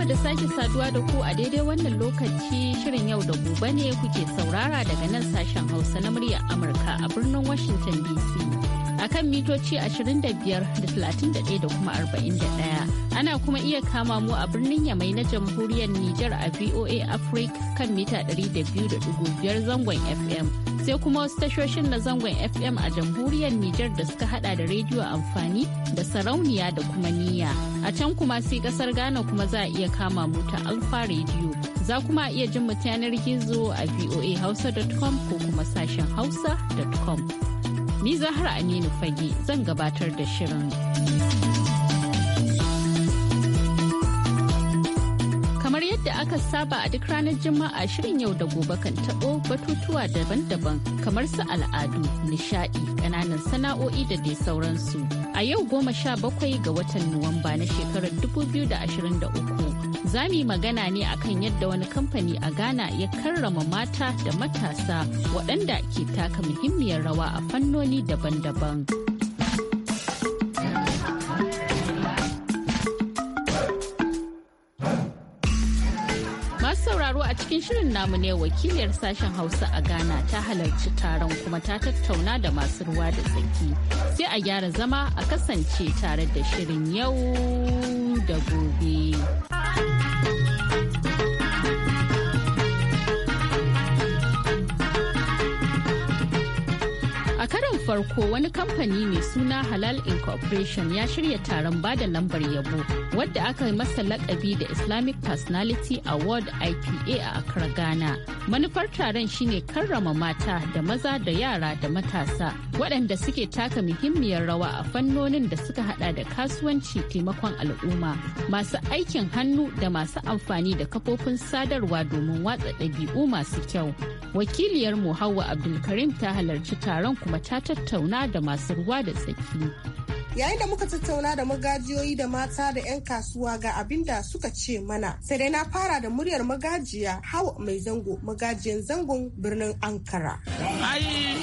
mu da sake saduwa da ku a daidai wannan lokaci shirin yau da gobe ne kuke saurara daga nan sashen Hausa na muryar Amurka a birnin Washington DC. a kan mitoci 25 da da kuma 41. Ana kuma iya kama mu a birnin Yamai na jamhuriyar Nijar a VOA Africa kan mita 200.5 zangon FM. sai kuma wasu tashoshin na zangon FM a jamhuriyar Nijar da suka hada da rediyo amfani da sarauniya da kuma niyya. A can kuma sai kasar Ghana kuma za a iya kama mu ta Alfa Radio. Za kuma iya jin mu yanar gizo a voahausa.com ko kuma sashen hausa.com. Ni Zahra Aminu Fage zan gabatar da shirin. yadda aka saba a duk ranar Juma'a shirin yau da gobe kan taɓo batutuwa daban-daban kamar su al'adu, nishaɗi, ƙananan sana'o'i da dai sauransu. A yau goma sha bakwai ga watan Nuwamba na shekarar 2023 za mu yi magana ne akan yadda wani kamfani a Ghana ya karrama mata da matasa waɗanda ke taka muhimmiyar rawa a fannoni daban-daban. cikin shirin namu ne wakiliyar sashen hausa a ghana ta halarci taron kuma ta tattauna da masu ruwa da tsaki sai a gyara zama a kasance tare da shirin yau da gobe. farko wani kamfani mai suna Halal Incorporation ya shirya taron bada lambar yabo wadda aka masa lakabi da Islamic Personality Award IPA a Accra, Ghana. Manufar taron shine karrama mata da maza da yara da matasa waɗanda suke taka muhimmiyar rawa a fannonin da suka hada da kasuwanci taimakon al'umma masu aikin hannu da masu amfani da kafofin sadarwa domin watsa ɗabi'u masu kyau. Wakiliyar mu Abdulkarim ta halarci taron kuma ta tattauna da masu ruwa da tsaki. Yayin da muka tattauna da magajiyoyi da mata da 'yan kasuwa ga abin da suka ce mana, sai dai na fara da muryar magajiya hawa mai zango magajiyan zangon birnin Ankara. Ai,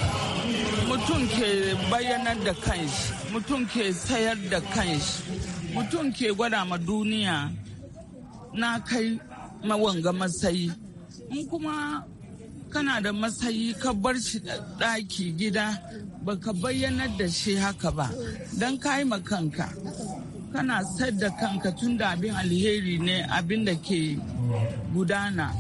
mutum ke bayyanar da kanshi, mutum ke sayar da kanshi, mutum ke gwada ma duniya na kai mawanga matsayi. In kuma kana da matsayi ka bar shi ɗaki gida ba ka bayyanar da shi haka ba don ka yi kanka kana sayar da kanka tun da abin alheri ne abin da ke gudana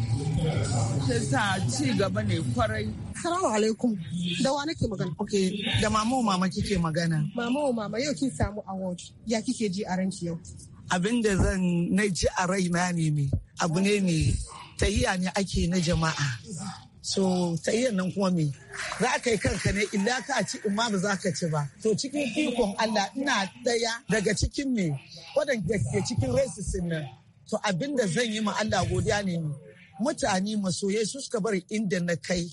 sa ci gaba ne kwarai Salamu alaikum. Da wa nake magana? Ok, da mama mama kike magana. Mama mama yau kin samu award. Ya kike ji a ranki yau? Abin da zan na ji a rai, na ne. Abu ne ne tahiya ne ake na jama'a. so iya nan kuma me za ka yi kanka ne illa ka ci in ma ba za ka ci ba to cikin ikon Allah ina daya daga cikin me wadanda ke cikin races nan to abin zan yi ma Allah godiya ne ni mutane masoyai su suka bari inda na kai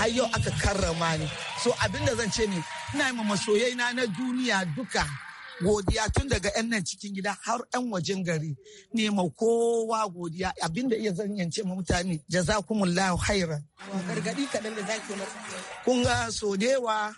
har yau aka karrama ni so abinda zan ce ne ina yi ma masoyai na na duniya duka godiya tun daga 'yan nan cikin gida har 'yan wajen gari nema ma kowa godiya abinda iya zanyance ma mutane jazakumullahu khairan gargadi kaɗan da zaki kun ga so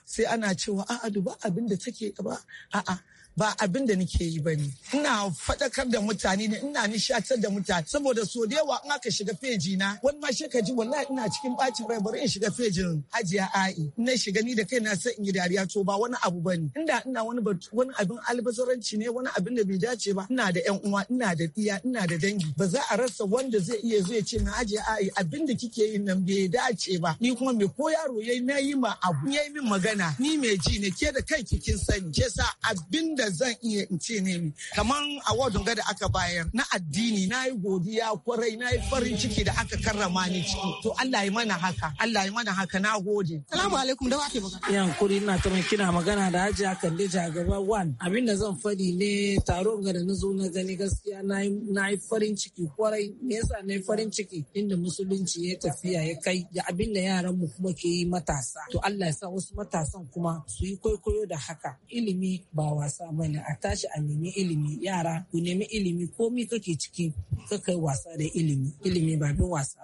sai ana cewa a'a duba abinda take ba a'a ba abin da nake yi ba ne ina faɗakar da mutane ne ina nishatar da mutane saboda so da yawa in aka shiga feji na wani ma shi ka ji wallahi ina cikin bacin rai bari in shiga fejin hajiya a'i na shiga ni da kai na san in yi dariya to ba wani abu ba ne inda ina wani wani abin albazaranci ne wani abin da bai dace ba ina da yan uwa ina da iya ina da dangi ba za a rasa wanda zai iya zai ce na hajiya a'i abin da kike yin nan bai dace ba ni kuma me ko yaro yayi yi ma abu yayi min magana ni mai ji ne ke da kai kin sani ke sa abin da da zan iya in ce ne mi kaman awardin ga da aka bayar na addini na yi godiya kwarai na yi farin ciki da aka karrama ni ciki to Allah ya mana haka Allah ya mana haka na gode salamu alaikum da wake magana yan kuri ina ta kina magana da Hajiya Kande gaba wan abin da zan faɗi ne taron ga da na zo na gani gaskiya na yi farin ciki kwarai me yasa na yi farin ciki inda musulunci ya tafiya ya kai da abin yaran mu kuma ke yi matasa to Allah ya sa wasu matasan kuma su yi kwaikwayo da haka ilimi ba wasa bane a tashi a nemi ilimi yara ku nemi ilimi komi kake ciki kakai wasa da ilimi ilimi ba bin wasa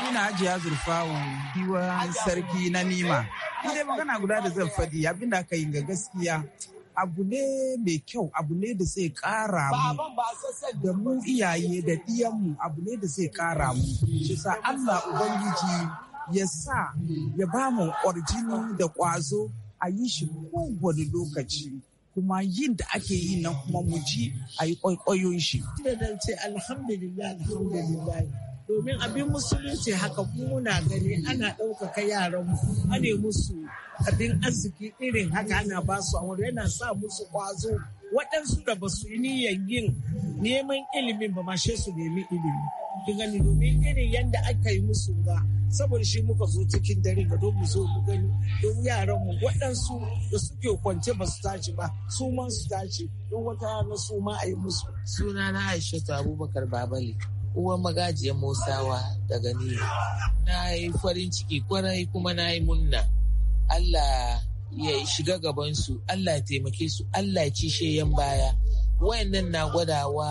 Ina na hajiya zurfawo diwan sarki na nima ni dai magana guda da zan fadi abinda aka yi ga gaskiya abu ne mai kyau abu ne da zai kara mu da mu iyaye da mu abu ne da zai kara mu shi Allah ubangiji ya sa ya ba mu ƙwarjini da ƙwazo a yi shi kowane lokaci kuma yin da ake yi nan kuma mu ji a yi kwaikwayon shi. Da ce alhamdulillah alhamdulillah domin abin musulunci haka muna gani ana ɗaukaka yaran mu ane musu abin arziki irin haka ana ba su aure yana sa musu kwazo waɗansu da ba su yi niyyar yin neman ilimin ba mashe su nemi ilimi kin gani domin irin yadda aka yi musu ba, saboda shi muka zo cikin dare ga don mu zo mu gani don yaran mu waɗansu da suke kwance ba su tashi ba su ma su tashi don wata yana su ma a yi musu. suna na aisha abubakar babali uwan magajiyar musawa daga ni na yi farin ciki kwarai kuma na yi munna allah ya shiga gabansu allah ya taimake su allah ya ci yan baya wayannan na gwadawa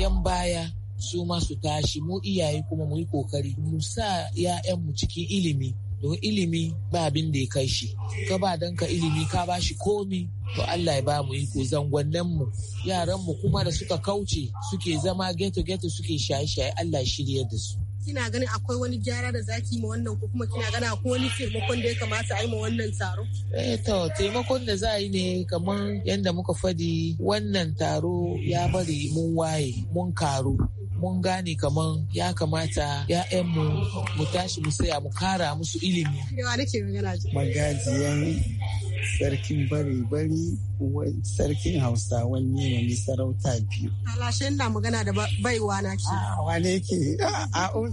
yan baya su ma su tashi mu iyaye kuma mu yi kokari mu sa 'ya'yanmu cikin ilimi don ilimi ba abin da ya kai shi ka ba dan ka ilimi ka ba shi komi to Allah ya ba mu iko zangonnen mu yaran mu kuma da suka kauce suke zama ghetto ghetto suke shaye-shaye Allah shirya da su kina ganin akwai wani gyara da zaki ma wannan ko kuma kina gana akwai wani taimakon da ya kamata a yi ma wannan taro? Eh to taimakon da za a yi ne kamar yadda muka fadi wannan taro ya bari mun waye mun karu mun gane kaman ya kamata ‘ya'yanmu mu tashi mu saya mu kara musu ilimi. Magajiyan sarkin bari-bari sarkin hausa ne wani sarauta biyu. Alashin na magana da baiwa na ke. Ah, wane ke? Ah, ah, oh.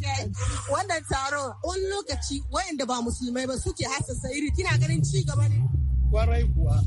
Wannan taro wani lokaci wayanda ba musulmai ba suke hasasa iri kina ganin ci gaba ne. kwarai kuwa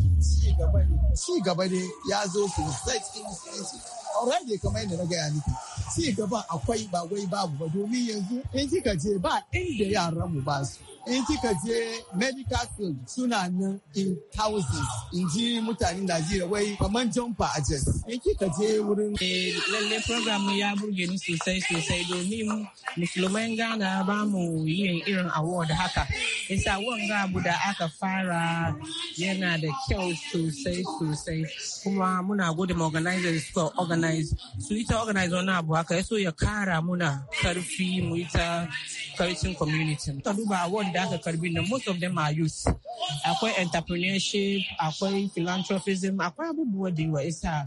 ci gaba ne ya zo ku sai cikin musulunci already kamar yadda na gaya miki ci gaba akwai ba wai babu ba domin yanzu in kika je ba inda yaran mu ba su in kika je medical field suna nan in thousands in ji mutanen Najeriya wai kamar jumpa a jes. In kika je wurin. Eh, lalle program ya burge ni sosai sosai domin musulman gana ba mu yin irin award haka. Isa wanga abu da aka fara yana da kyau sosai sosai kuma muna gode ma organizers suka organize su yi ta organize wani abu haka ya so ya kara muna karfi mu yi ta karfin community. Ka duba award mutanen da aka karbi nan most of them are youth akwai entrepreneurship akwai philanthropism akwai abubuwa da yawa isa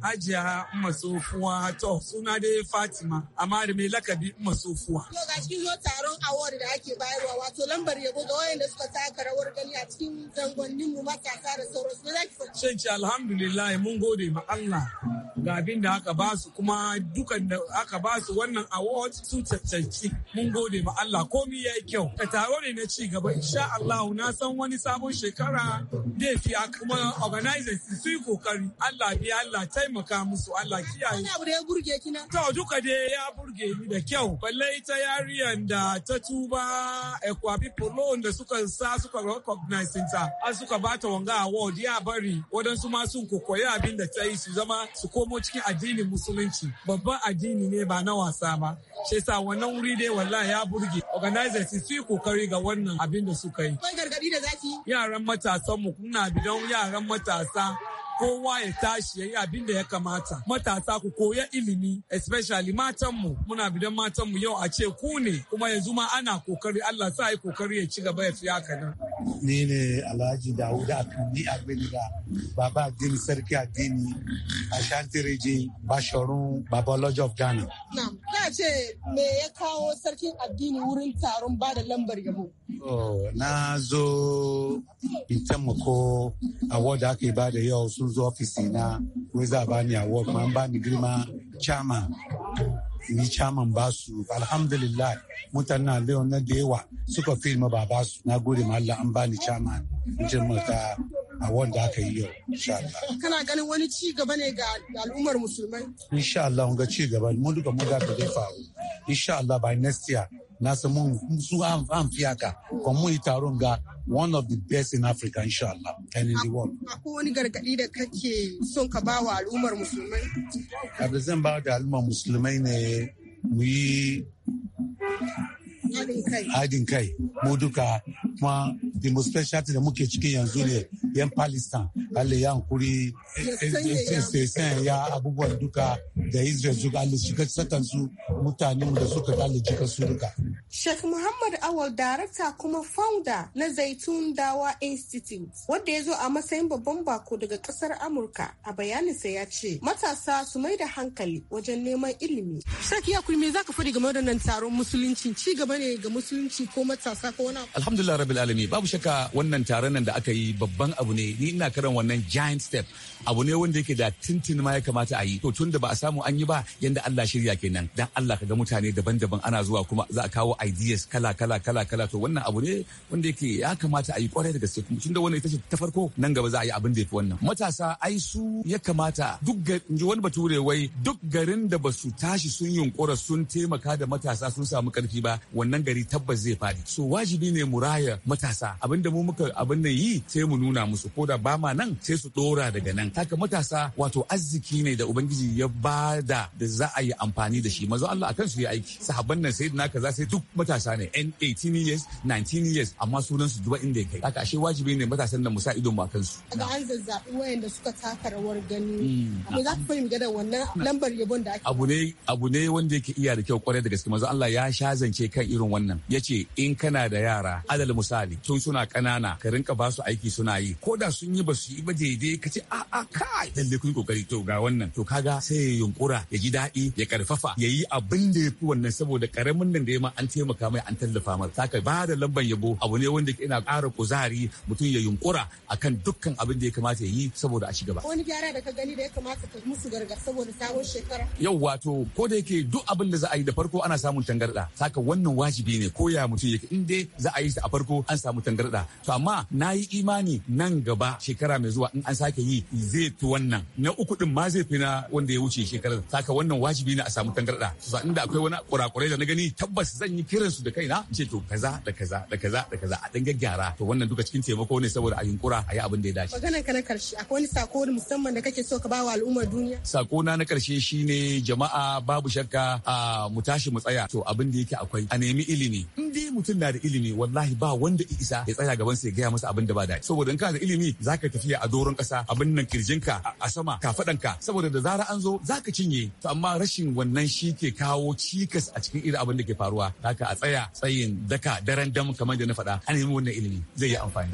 hajiya umma to suna dai fatima amma da mai lakabi umma tsofuwa to ga cikin yau taron award da ake bayarwa wato lambar yabo ga wayanda suka taka rawar gani a cikin zangonnin mu matasa da sauransu da zaki faɗi shin ci alhamdulillah mun gode ma Allah ga abin da aka ba su kuma dukan da aka ba su wannan award su cancanci mun gode ma Allah komi yayi kyau taro ne na ci gaba insha Allah na san wani sabon shekara da fi kuma organizers su yi kokari Allah bi Allah taimaka musu Allah kiyaye. Allah da ya burge kina? To duka dai ya burge ni da kyau. Balle ita yariyan da ta tuba Ekwabi Polo da suka sa suka recognize ta an suka bata wanga award ya bari wadansu ma sun kokoya abin da ta yi su zama su komo cikin addinin musulunci babban addini ne ba na wasa ba. sai sa wannan wuri dai wallahi ya burge organizers su yi kokari kokari ga wannan abin da suka yi. Kai gargaɗi da zaki? Yaran matasan mu kuna bidan yaran matasa kowa ya tashi ya yi abin da ya kamata matasa ku koya ilimi especially matanmu muna bidan matanmu yau a ce ku ne kuma yanzu ma ana kokari Allah sa yi kokari ya ci gaba ya fi haka nan. Ni ne Alhaji Dawuda Kandi Abinga Baba Adini Sarki Adini Ashanti Reji Bashorun Baba Lodge of Ghana. ce me ya kawo sarkin addini wurin taron ba da lambar yabo? na zo in taimako award da aka yi ba da yau sun zo ofisi na wai za ba ni award ma ba ni girma chama ni chama ba su alhamdulillah mutanen leon na da yawa suka fi ma ba ba su na gode ma Allah an ba ni chama in ce mata a wanda aka yi yau insha Allah kana ganin wani ci gaba ne ga al'ummar musulmai insha Allah mun ga ci gaba mun duka mun ga da zai faru insha Allah by next year na san mun su an an fiyaka kuma mun yi taron ga one of the best in Africa insha Allah and in the world akwai wani gargadi da kake son ka ba wa al'ummar musulmai abin zan ba da al'ummar musulmai ne mu yi hadin kai mu duka kuma thing da muke cikin yanzu ne yan palestine allah ya hankuri sai ya abubuwan duka da israel suka allah shiga sakansu mutanen da suka allah jika su duka Sheikh Muhammad Awal darakta kuma founder na Zaitun Dawa Institute wanda ya zo a matsayin babban bako daga kasar Amurka a bayaninsa ya ce matasa su mai da hankali wajen neman ilimi. Sheikh Yakuri me ka faɗi game da nan taron musulunci ci gaba ne ga musulunci ko matasa ko wani Alhamdulillah rabbil alamin babu shakka wannan taron nan da aka yi babban abu ne ni ina karan wannan giant step abu ne wanda yake da tintin ma ya kamata a yi to tun da ba a samu an yi ba yanda Allah shirya kenan dan Allah ka ga mutane daban-daban ana zuwa kuma za a kawo ideas kala kala kala kala to wannan abu ne wanda yake ya kamata a yi kwarai da gaske kuma tunda wannan ita ce ta farko nan gaba za a yi abin da ya wannan matasa ai su ya kamata duk ga wani bature wai duk garin da ba su tashi sun yunkura sun taimaka da matasa sun samu karfi ba wannan gari tabbas zai fadi so wajibi ne mu raya matasa abinda mu muka abin nan yi sai mu nuna musu ko da ba ma nan sai su dora daga nan haka matasa wato arziki ne da ubangiji ya bada da za a yi amfani da shi mazo Allah akan su yi aiki sahabban nan sai kaza sai duk matasa ne yan 18 years 19 years amma sunan su duba inda ya kai haka ashe wajibi ne matasan da musa sa idon ba kansu ga an zazzabi wayanda suka taka rawar gani mm. me za ku fahimta da wannan lambar yabon da ake abu ne abu ne wanda yake iya da kyau kwarai da gaske manzo Allah ya sha zance kan irin wannan yace in kana da yara alal misali tun suna kanana ka rinka ba su aiki suna yi ko da sun yi ba su yi ba daidai ka ce a a kai lalle kun kokari to ga wannan to kaga sai ya yunkura ya ji daɗi ya karfafa ya yi abin da ya fi wannan saboda karamin nan da ya ma an taimaka mai an tallafa mar ta ba da lamban yabo abu ne wanda ina ƙara kuzari mutum ya yunkura akan dukkan abin da ya kamata ya yi saboda a shiga ba wani gyara da ka gani da ya kamata ka musu gargar saboda sabon shekara yau wato ko da yake duk abin da za a yi da farko ana samun tangarda saka wannan wajibi ne ko ya mutum yake in dai za a yi ta a farko an samu tangarda to amma na yi imani nan gaba shekara mai zuwa in an sake yi zai fi wannan na uku din ma zai fi na wanda ya wuce shekarar saka wannan wajibi ne a samu tangarɗa to inda akwai wani kurakurai da na gani tabbas zan yi kiransu da kaina ce to kaza da kaza da kaza da kaza a dan gyara to wannan duka cikin taimako ne saboda a yunkura a yi abin da ya dace. Magana ka na karshe akwai wani sako musamman da kake so ka ba wa al'ummar duniya. Sako na na karshe shine jama'a babu shakka a mu tashi mu tsaya to abin da yake akwai a nemi ilimi in dai mutum na da ilimi wallahi ba wanda ya isa ya tsaya gaban sa ya gaya masa abin da ba dace saboda in ka da ilimi zaka tafiya a doron kasa abin nan ka a sama ka kafadanka saboda da zara an zo zaka cinye to amma rashin wannan shi ke kawo cikas a cikin irin abin da ke faruwa haka a tsaya tsayin daka daren dam kamar da na faɗa an nemi wannan ilimi zai yi amfani.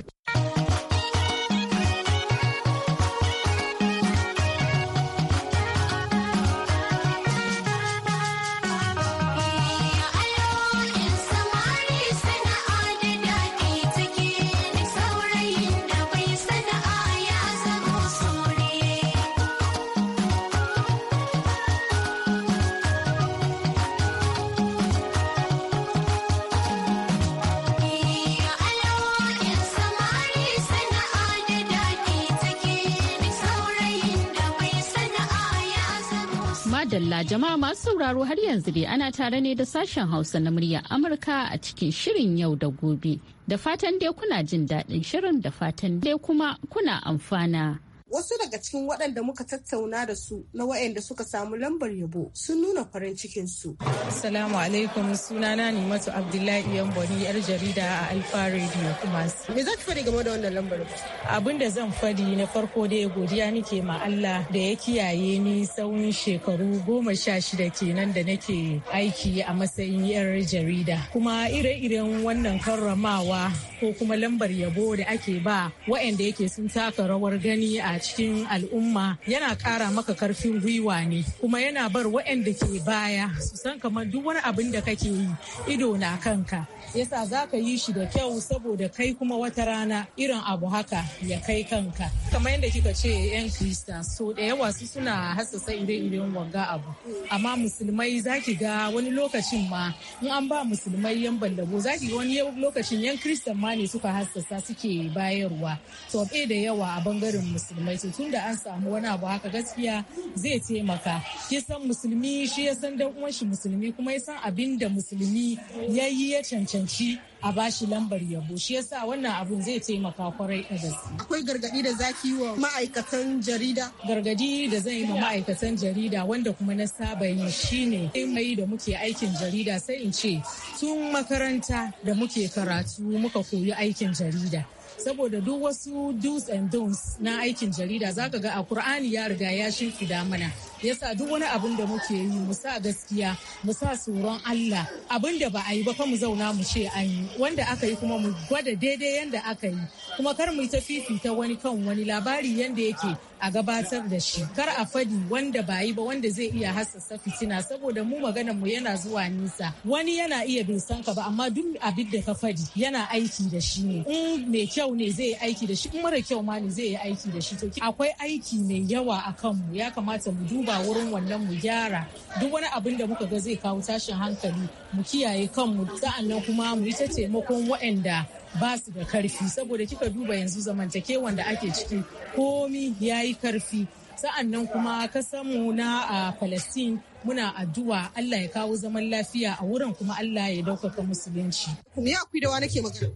Madalla jama'a masu sauraro har yanzu dai ana tare ne da sashen Hausa na muryar Amurka a cikin shirin yau da gobe. Da fatan dai kuna jin daɗin shirin da fatan dai kuma kuna amfana. Wasu daga cikin waɗanda muka tattauna da su na waɗanda suka samu lambar yabo sun nuna farin cikin su. Assalamu alaikum sunana ne matu Abdullahi Yamboni yar jarida a Alfa Radio kuma. Me za ki faɗi game da wannan lambar? Abin da zan faɗi na farko dai godiya nake ma Allah da ya kiyaye ni tsawon shekaru goma sha shida kenan da nake aiki a matsayin yar jarida. Kuma ire-iren wannan karramawa ko kuma lambar yabo da ake ba waɗanda yake sun taka rawar gani a a cikin al'umma yana ƙara maka karfin gwiwa ne kuma yana bar waɗanda ke baya su san kamar duk wani abin da kake yi ido na kanka yasa za ka yi shi da kyau saboda kai kuma wata rana irin abu haka ya kai kanka kamar yadda kika ce yan krista so da yawa su suna hasasa ire-iren wanga abu amma musulmai za ki ga wani lokacin ma in an ba musulmai yan ballago za ki ga wani lokacin yan kristan ma ne suka hassasa suke bayarwa to da yawa a bangaren musulmai to tun da an samu wani abu haka gaskiya zai taimaka ki san musulmi shi ya san dan uwan shi musulmi kuma ya san abin da musulmi ya yi ya cancanci cancanci a bashi lambar yabo shi yasa wannan abun zai taimaka kwarai da gaske akwai gargadi da zaki wa ma'aikatan jarida gargadi da zan yi wa ma'aikatan jarida wanda kuma na saba yi shine mai da muke aikin jarida sai in ce tun makaranta da muke karatu muka koyi aikin jarida saboda duk wasu do's and don'ts na aikin jarida zaka ga a Kur'ani ya riga ya shimfida mana yasa duk wani abin da muke yi mu sa gaskiya mu sa tsoron Allah abin da ba a yi ba fa mu zauna mu ce an yi wanda aka yi kuma mu gwada daidai yanda aka yi kuma kar mu yi ta fifita wani kan wani labari yanda yake a gabatar da shi kar a fadi wanda ba yi ba wanda zai iya hassasa fitina saboda mu maganar mu yana zuwa nisa wani yana iya bin san ka ba amma duk abin da ka fadi yana aiki da shi ne in mai kyau ne zai aiki da shi in mara kyau ma ne zai yi aiki da shi to akwai aiki mai yawa a kanmu ya kamata mu duba duba wurin wannan mu gyara duk wani abin da muka ga zai kawo tashin hankali mu kiyaye kanmu sa'annan kuma mu yi ta taimakon waɗanda ba su da karfi saboda kika duba yanzu zamantakewan da ake ciki komi ya yi karfi sa'annan kuma samu na a Palestine muna addu'a Allah ya kawo zaman lafiya a wurin kuma Allah ya daukaka musulunci. Me ya da magana?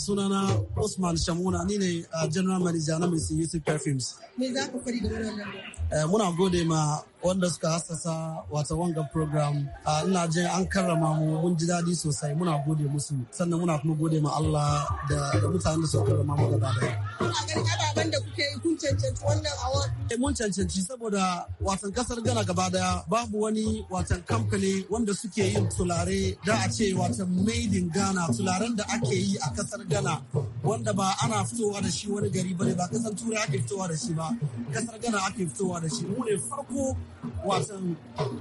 Sunana Usman Shamuna ni ne General Manager na Mr. Yusuf Perfumes. Me za ku fari da wannan? muna eh, gode ma wanda suka hassasa wata wanga program ina je an karrama mu mun ji daɗi sosai muna gode musu sannan muna kuma gode ma Allah da mutanen da suka karrama mu gaba daya. ababen da kuke yi kun cancanci wannan eh, Mun cancanci saboda watan kasar Ghana gaba daya babu wani watan kamfani wanda suke yin tulare da a ce watan made in Ghana tularen da ake yi a kasar gana wanda ba ana fitowa da shi wani gari ba ne ba kasar Turai ake fitowa da shi ba kasar gana ake fitowa da shi mu ne farko wasan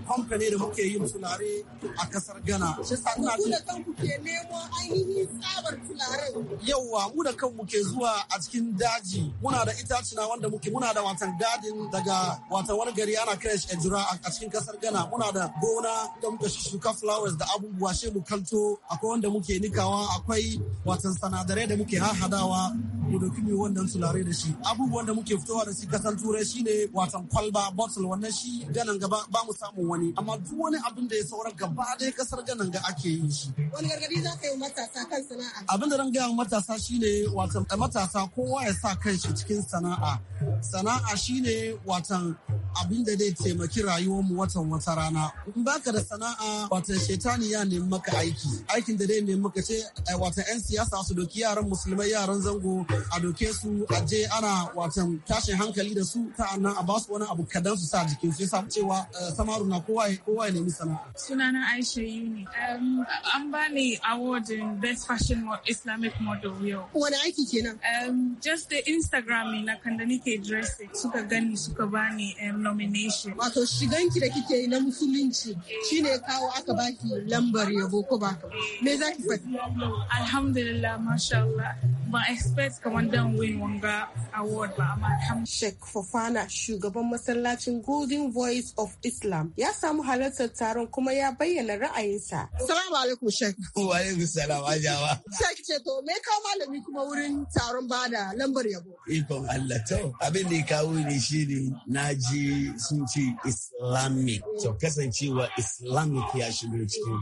famfa da muke yin tulare a kasar Ghana. Shi sa kuna da kanku ke nemo ainihin tsabar tularen. Yawwa mu da kanmu ke zuwa a cikin daji muna da itacina wanda muke muna da watan gadin daga watan wani gari ana kira shi Ejira a cikin kasar Ghana muna da gona da muka shuka flowers da abubuwa she mu kalto akwai wanda muke nikawa akwai watan sanadarai da muke hahadawa mu da kimi wannan tulare da shi abubuwan da muke fitowa da shi kasar turai shine watan kwalba bottle wannan shi ganan ga ba mu samun wani amma duk wani abin da ya saura gaba dai kasar ganan ga ake yin shi wani gargadi za ka yi matasa kan sana'a abin da ran gaya matasa shine wato eh, matasa kowa ya sa shi cikin sana'a sana'a shine watan abin da zai taimaki rayuwar mu watan wata rana in baka da sana'a watan shetani ya nemi maka aiki aikin da zai nemi maka ce eh, watan yan siyasa su doki yaran musulmai yaran zango a doke su a je ana watan tashin hankali da su ta'annan a basu wani abu kadan su sa jikin su cewa eh, samaru na kowa ya nemi sana'a. Sunana Aisha Yuni. Um, an ba ni awardin Best Fashion Islamic Model yau. Wani aiki kenan? Um, just the Instagram na kan da dressing suka gani suka bani um, nomination. Wato shiganki da kike yi na musulunci eh. shine kawo aka baki lambar yabo ko ba. Me za ki faɗi? Alhamdulillah, masha Allah. Ba expect kamar dan win wanga award ba amma Sheikh Fofana shugaban masallacin Golden Voice Voice of Islam ya samu halartar taron kuma ya bayyana ra'ayinsa. Salamu alaikum Sheikh. Wa alaikum salam ajawa. Sheikh ce to me kawo malami kuma wurin taron bada lambar yabo. Ikon Allah to abin da ya kawo ni shine na ji sun ce Islamic. To kasancewa Islamic ya shigo cikin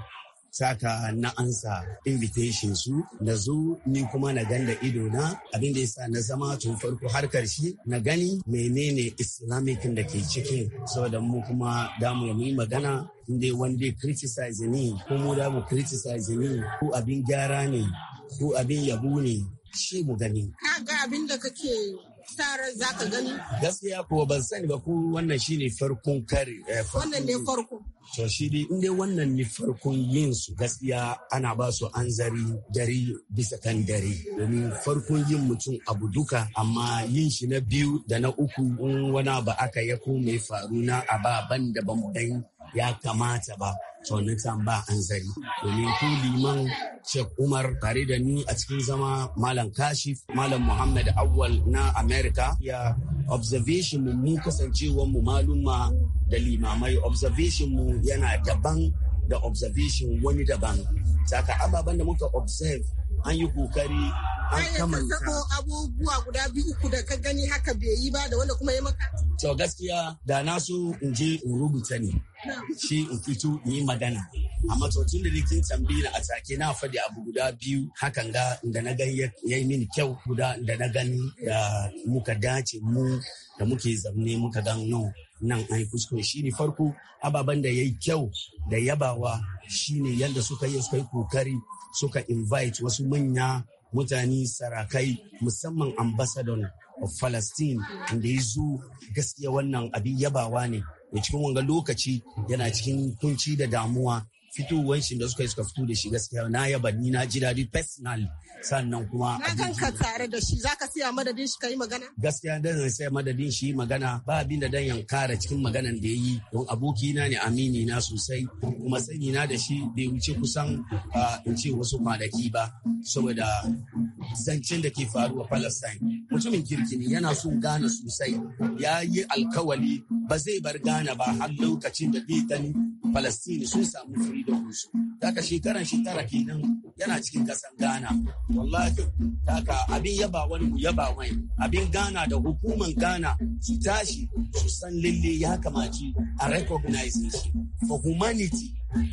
saka na ansa invitation su na zo ni kuma na ganda ido na abin da yasa na zama tun farko har karshe na gani menene islamic da ke cikin saboda mu kuma damu mu yi magana inda wanda criticize ni ko mu da mu criticize ni ko abin gyara ne ko abin yabo ne shi mu gani. Ka ga abin da kake sara za ka gani? Gaskiya kuwa ban sani ba ko wannan shi ne farkon kare. Eh, wannan ne farko. To shi dai in wannan ne farkon yin su gaskiya ana ba su an zari dari bisa kan dari. Domin farkon yin mutum abu duka amma yin shi na biyu da na uku in wani ba aka ya ko mai faru na a ba ban da ban ya kamata ba to nitan ba an zari domin ku liman Sheikh Umar tare da ni a cikin zama Malam Kashif Malam Muhammad Awal na Amerika. ya observation mu mu kasancewar mu maluma da limamai observation mu yana daban da observation wani daban saka ababen da muka observe an yi kokari an kamanta abubuwa guda biyu ku da ka gani haka bai yi ba da wanda kuma ya maka to gaskiya da na so in je in rubuta ne shi in fito in yi magana A to da kin tambayi a take na faɗi abu guda biyu hakan ga da na gan ya yi mini kyau guda da na gani da muka dace mu da muke zaune muka gan nan nan an yi kuskure shi ne farko ababen da ya yi kyau da yabawa shi ne yadda suka yi suka yi kokari suka invite wasu manya mutane sarakai musamman ambassador of palestine inda ya zo gaskiya wannan abin yabawa ne ya cikin wanga lokaci yana cikin kunci da damuwa fitowar shi da suka suka fito da shi gaskiya na yaba ni na ji daɗi personally sannan kuma na gan ka tare da shi zaka siya madadin shi kai magana gaskiya dan zan sai madadin shi magana ba abin da dan yankara cikin maganan da ya yi. don aboki na ne amini na sosai kuma sani na da shi bai wuce kusan ah, in ce wasu kwanaki ba saboda zancen da ke faruwa Palestine mutumin kirki yana son Ghana sosai ya yi alkawali ba zai bar Ghana ba har lokacin da zai Falastini sun samu freedom musu Daga shekaran shekara kenan yana cikin kasan Ghana. Wallahi daga abin yaba wani mu yaba wani Abin Ghana da hukuman Ghana su tashi su san lalle ya kamaci a recognize shi. For humanity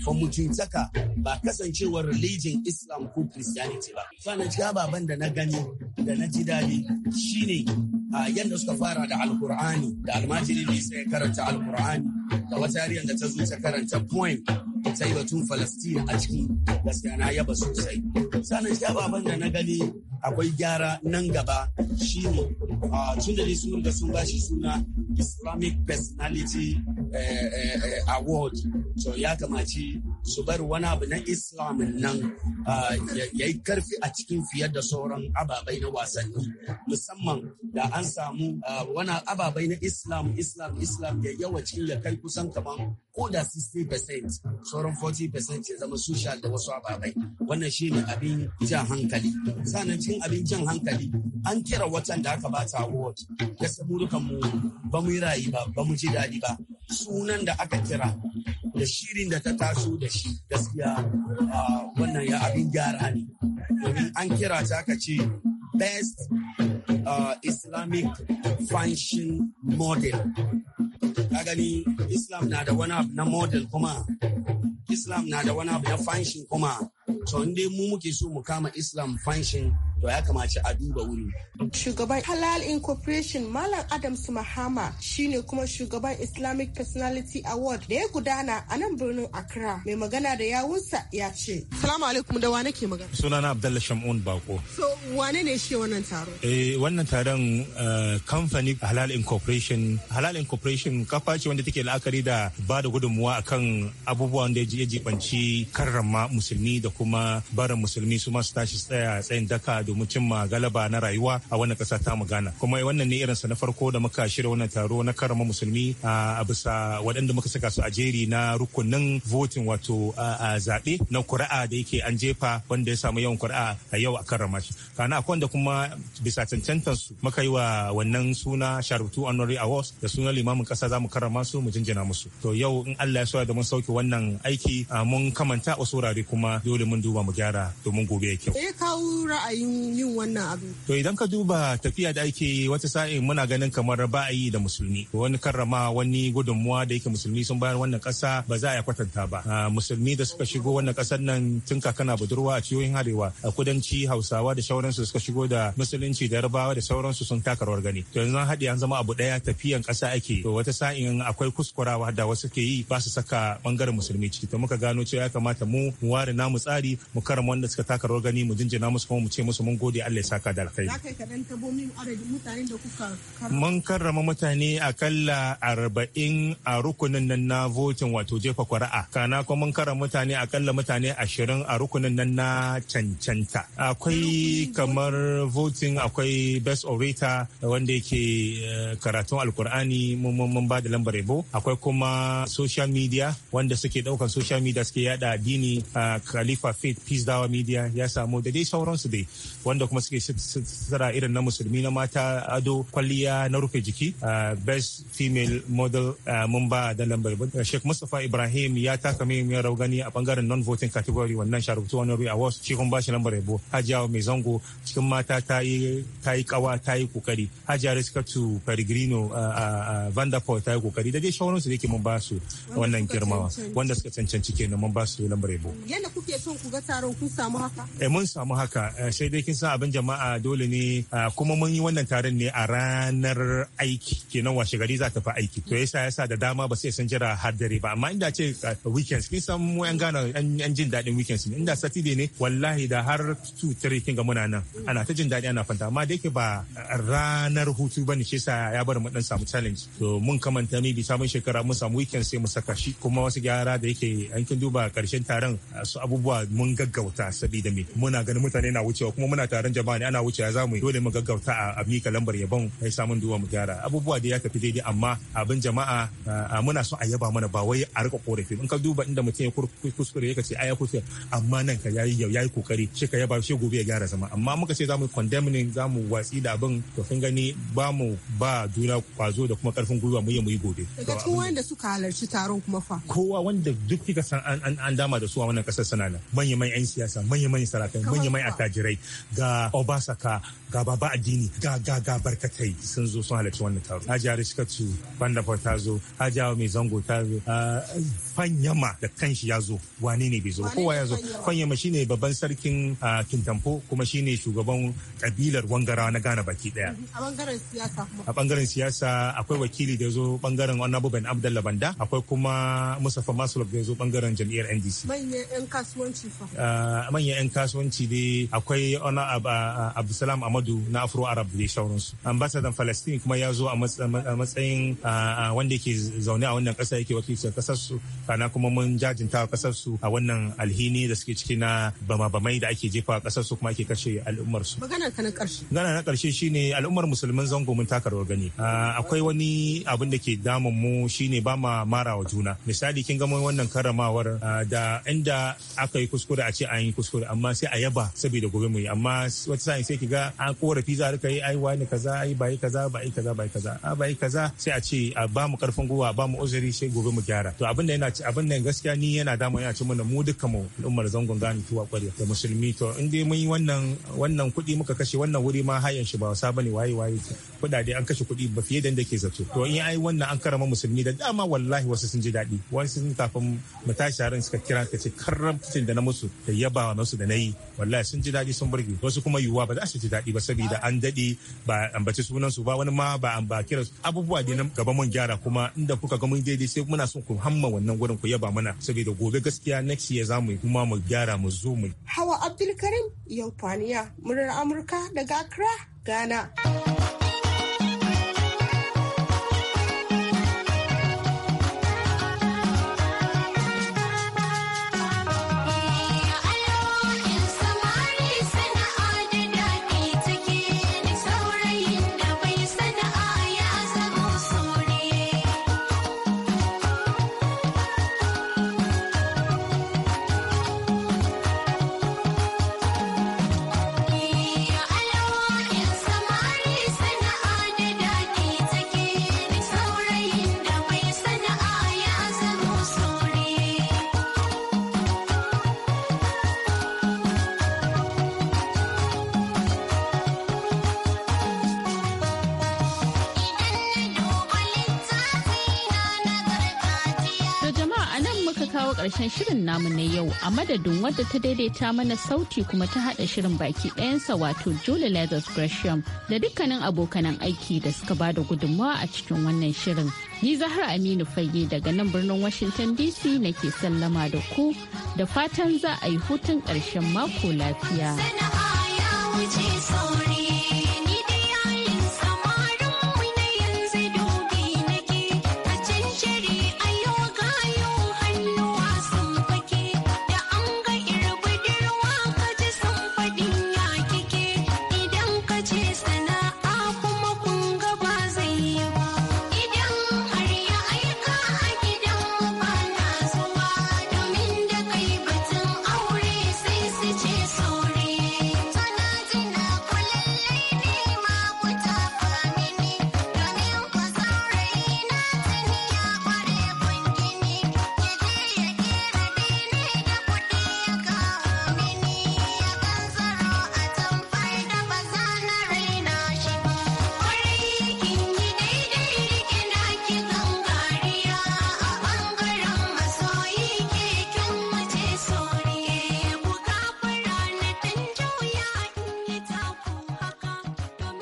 for mutuntaka ba kasancewar religion Islam ko Christianity ba. cika baban da na gani da na ji daɗi shine a yadda suka fara da alkur'ani da almajiri ne sai karanta alkur'ani da wata yariyar da ta zo ta karanta poem ta yi batun falastin a cikin gaskiya na yaba sosai. Sannan shi ababen da na gani akwai gyara nan gaba shine tun da sun da sun bashi suna Islamic Personality eh, eh, eh, Award. To ya kamaci su bar wani abu na Islam nan ya yi karfi a cikin fiye da sauran ababai na wasanni. Musamman da an samu wani ababai na Islam, Islam, Islam ya yawa cikin kusan kaman ko da 60% sauran 40% ya zama social da wasu ababai wannan shi ne abin jan hankali sannan cikin abin jan hankali an kira watan da aka bata award gaskiya mu dukan mu ba mu yi rayu ba ba mu ji daɗi ba sunan da aka kira da shirin da ta taso da shi gaskiya ah, wannan ya abin gyara ne domin an kira ta aka ce best uh, Islamic function model. gani Islam na da wani abu na model kuma, Islam na da wani abu na function kuma, to inda mu muke so mu kama islam fanshin to ya kamaci a duba wuri shugaban halal incorporation malam adams mahama shine kuma shugaban islamic personality award da ya gudana a nan birnin accra mai magana da yawunsa ya ce salamu alaikum da wane ke magana sunana abdullahi shamun bako so wane ne shi wannan taro eh wannan taron eh, kamfani halal incorporation halal incorporation kafa ce wanda take la'akari da ba da gudunmuwa akan abubuwan da ya jibanci karrama musulmi da kuma barin musulmi su masu tashi tsaya tsayin daka domin cimma galaba na rayuwa a wannan ƙasa ta mu gana Kuma wannan ne irin irinsa na farko da muka shirya wannan taro na karama musulmi a bisa waɗanda muka saka su a jeri na rukunin votin wato a zaɓe na kuri'a da yake an jefa wanda ya samu yawan kuri'a a yau a karama shi. Kana akwai wanda kuma bisa cancantar su muka yi wa wannan suna Sharutu Honorary Awards da sunan limamin ƙasa za mu karama su mu jinjina musu. To yau in Allah ya so da mun sauke wannan aiki mun kamanta a wasu wurare kuma dole mun duba mu gyara domin gobe ya kyau. Me ya kawo ra'ayin yin wannan abu? To idan ka duba tafiya da ake wata sa'in muna ganin kamar ba a yi da musulmi. Wani karrama wani gudunmuwa da yake musulmi sun bayar wannan ƙasa ba za a kwatanta ba. Ah, musulmi da suka shigo wannan ƙasar nan tun kakana budurwa a ciyoyin arewa a kudanci hausawa da sauransu suka shigo da musulunci da yarbawa da sauransu sun taka rawar gani. To yanzu haɗi an zama abu ɗaya tafiyan ƙasa ake. To wata sa'in akwai kuskurawa da wasu ke yi ba su saka ɓangaren musulmi ciki. To muka gano cewa ya kamata mu mu ware namu tsari tsari mu kara wanda suka taka rawar gani mu jinjina musu kuma mu ce musu mun gode Allah ya saka da alkhairi mun karrama mutane akalla arba'in a rukunin nan na votin wato jefa kwara'a kana kuma mun karrama mutane akalla mutane ashirin a rukunin nan na cancanta akwai kamar voting akwai best orator wanda yake eh, karatun alkur'ani mun ba da lambar yabo akwai kuma social media wanda suke daukan social media suke yada dini a eh, khalifa Alpha faith peace dawa media ya samu da dai sauransu dai wanda kuma suke sara irin na musulmi na mata ado kwalliya na rufe jiki uh, best female model uh, mun ba da lambar uh, sheikh Mustafa ibrahim ya taka muhimmiyar gani a bangaren non voting category wannan sharubutu honorary was shi kuma ba shi lambar yabo hajiya mai zango cikin mata ta yi kawa ta yi kokari hajiya riskatu peregrino a vanderpool ta yi kokari da dai sauransu da ke mun ba su wannan girmawa wanda suka cancanci kenan mun ba su lambar yabo yana kuke so son ku ga taron kun samu haka? Eh mun samu haka eh, sai dai kin san abin jama'a dole ne eh, kuma mun yi wannan taron ne a ranar aiki kenan washe gari za ta fi aiki. To yasa yasa da dama ba sai san jira har dare ba amma inda ce eh, weekends kin san mu yan gana yan jin daɗin weekends ne inda Saturday ne wallahi da har two three kin ga muna nan ana ta jin daɗi ana fanta amma da yake ba ranar hutu bane shi yasa ya bar mu dan samu challenge. To mun kamanta mi bi samun shekara mun samu weekend sai mu saka shi kuma wasu gyara da yake an kin duba karshen taron su abubuwa mun gaggauta saboda me muna ganin mutane na wucewa kuma muna taron jama'a ne ana wucewa za mu yi dole mu gaggauta a mika lambar yabon kai samun duwa mu gyara abubuwa da ya tafi daidai amma abin jama'a muna so a yaba mana ba wai a rika korafi in ka duba inda mutum ya kuskure ya kace ai kuskure amma nan ka yayi yau yayi kokari shi ka yaba shi gobe ya gyara zama amma muka ce zamu condemning zamu watsi da abin to kun gani ba mu ba juna kwazo da kuma karfin gwiwa mu yi mu yi gobe daga cikin wanda suka halarci taron kuma fa kowa wanda duk kika san an dama da su a wannan kasar sana'na manyan 'yan siyasa manyan sarakai manyan attajirai ga obasaka ga baba addini ga ga ga barkatai sun zo sun halarci wannan taro hajiya tu banda ta zo hajiya mai zango ta zo ah, fanyama da kanshi ya zo wane ne bai zo kowa ya zo fanyama shine babban sarkin ah, kintampo kuma shine shugaban kabilar wangara na gana baki daya a bangaren siyasa a siyasa akwai wakili da ya zo bangaren annabu abubuwan abdallah banda akwai kuma musafa masulok da ya zo bangaren jam'iyyar ndc manyan 'yan kasuwanci Ah, manyan 'yan kasuwanci dai akwai ona ah, ah, abdulsalam amadu na afro arab da shauransu ambassador palestine kuma ya zo a matsayin wanda yake zaune a wannan kasa yake wakiltar kasar su kana kuma mun jajinta kasar su a wannan alhini da suke ciki na bama-bamai da ake jefa a kasar su kuma ake kashe al'ummar su magana na karshe magana na karshe shine al'ummar musulmin zango mun taka rawar gani akwai wani abin da ke damun mu shine ba ma mara wa juna misali kin ga mun wannan karamawar da inda aka yi kuskure a ce an yi kuskure amma sai a yaba saboda gobe mu yi amma wata sa'in sai ki ga an korafi za a yi ai wani kaza ai ba kaza ba kaza ba kaza a ba yi kaza sai a ce a ba mu karfin gwiwa ba mu uzuri sai gobe mu gyara to abin da yana abin nan gaskiya ni yana damu yana ci mana mu duka mu al'ummar zangon gani tuwa kwarya da musulmi to in dai mun yi wannan wannan kuɗi muka kashe wannan wuri ma hayan shi ba wasa bane waye waye kuɗaɗe an kashe kuɗi ba fiye da ke zato to in ai wannan an karama musulmi da dama wallahi wasu sun ji daɗi wasu sun kafin mu suka kira ka ce karamcin da na musu da yaba musu da nayi wallahi sun ji daɗi sun burge wasu kuma yiwuwa ba za su ji daɗi ba saboda an daɗe ba ambaci sunan su ba wani ma ba an ba kira abubuwa ne gaba mun gyara kuma inda kuka ga mun daidai sai muna son ku hamma wannan gurin ku yaba mana saboda gobe gaskiya next year za mu kuma mu gyara mu zo mu hawa abdulkarim yau faniya murar amurka daga accra ghana karshen shirin namu na yau a madadin wadda ta daidaita mana sauti kuma ta hada shirin baki ɗayansa wato Julie Leathers Gresham da dukkanin abokanan aiki da suka ba da gudunmawa a cikin wannan shirin. Ni Zahra Aminu Fage daga nan birnin Washington DC nake sallama da ku da fatan za a yi hutun ƙarshen mako lafiya.